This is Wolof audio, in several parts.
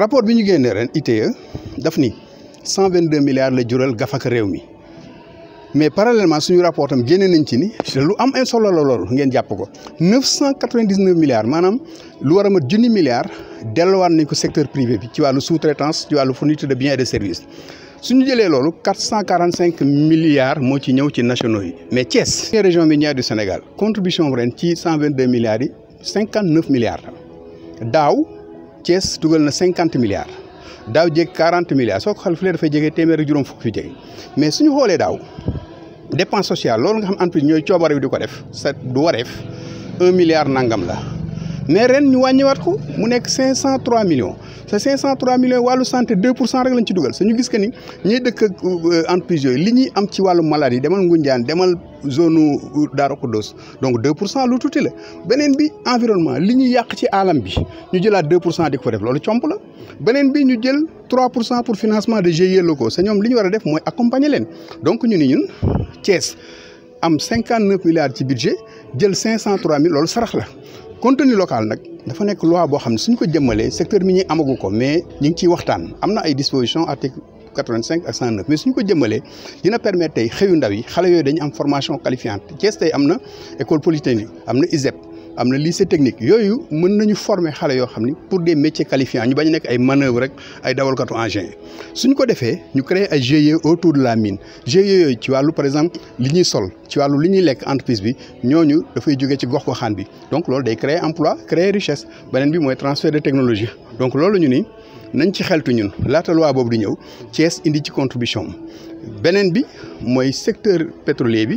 rapport bi ñu génnee ren ITE daf ni milliards la jural gafaka réew mais parallèlement suñu rapport tam nañ ci ni lu am un solo la ngeen japp ko 999 milliards manam lu wara ma mat milliards, milliards ko secteur privé bi ci walu sous-traitance ci walu fourniture de biens et de services suñu jëlee loolu 445 milliards mo ci ñew ci nationaux yi mais Thiès région minière du Sénégal contribution ren ci 122 milliards 59 milliards daw Thiès dugal na cinquante milliards daaw jéeg quarante milliards soo ko xalfulee dafay jege téeméer ak juróom fukk fi jege mais suñu xoolee daaw dépense sociale loolu nga xam entreprise ñooy coobare bi di ko def sa du wareef un milliard nangam la. mais ren ñu wàññiwaat ko mu nek 503 millions Ce 503 millions walu santé 2 rek lañ ci dugal suñu gis que ni ñiy dëkk euh, en maladies, li ñi am ci walu maladie demal ngundian demal zone Darou dos, donc 2 lu tuti la benen bi environnement li ñi yàq ci alam bi ñu jëlaat 2 pour fa def lolu comp la benen bi ñu jël 3 pour financement de GIE locaux Ce ñom li ñu wara def moy accompagner len donc ñu ni ñun Thiès am 59 milliards ci budget jël 503 millions, lolu sarax la contenu local nak dafa nek loi bo xamni suñ ko secteur mi ñuy amagu ko mais ñu ci waxtaan amna ay dispositions article 85 ak 109 mais suñ ko jëmmalé dina permettre tey xëyu ndaw yi xale yoy dañu am formation qualifiante ci amna école polytechnique amna ISEP amna lycée technique yoyu mën nañu former xalé yo xamni pour des métiers qualifiants ñu bañ nek ay manœuvre rek ay dawalkatu engin suñ ko défé ñu créer ay GIE autour de la mine GIE yooyu ci walu par exemple li ñuy sol ci walu li ñuy lekk entreprise bi ñooñu dafay joggé ci gox goxaan bi donc loolu day créer emploi créer richesse benen bi moy transfert de technologie donc loolu ñu ni nañ ci xeltu ñun laata loi bobu di ñew Thiès indi ci contribution benen bi moy secteur pétrolier bi.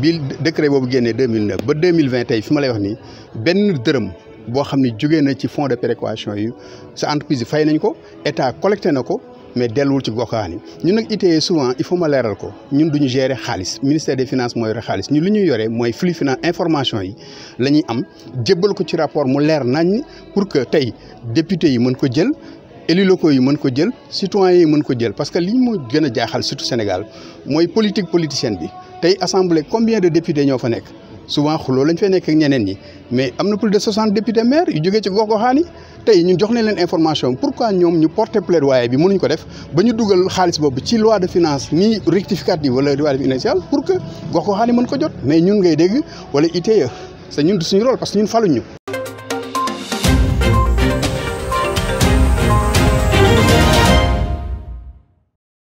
bi décret bobu génnee 2009 ba 2020 tay fima lay wax ni benn deureum bo xam jogé na ci fonds de précaution yu sa entreprise yi fay nañ ko état collecté na ko mais delluwul ci goxaan ñun nak ité e souvent il faut ma léral ko ñun duñu gérer xaliss ministère des finances moy yore xaalis ñun li ñuy yore mooy flux finance information yi lañuy am jébbal ko ci rapport mu lér nañ pour que tay député yi mën ko jël élus locaux yi mën ko jël citoyens yi mën ko jël parce que li mu gëna jaaxal surtout Sénégal moy politique politicienne bi tay assemblée combien de députés ñoo fa nek souvent xuloo lañ fa nek ak ñeneen ñi mais amna plus de 60 députés maires yu joggé ci gox xani tay tey ñun jox leen information pourquoi ñom ñu porter plaidoyer bi mënuñ ko def ba ñu dugal xaalis boobu ci loi de finance ni rectificative wala loi initiale pour que gox xani yi mën ko jot mais ñun ngay dégg wala ITIE c'est ñun suñu rôle parce que ñun faluñ ñu.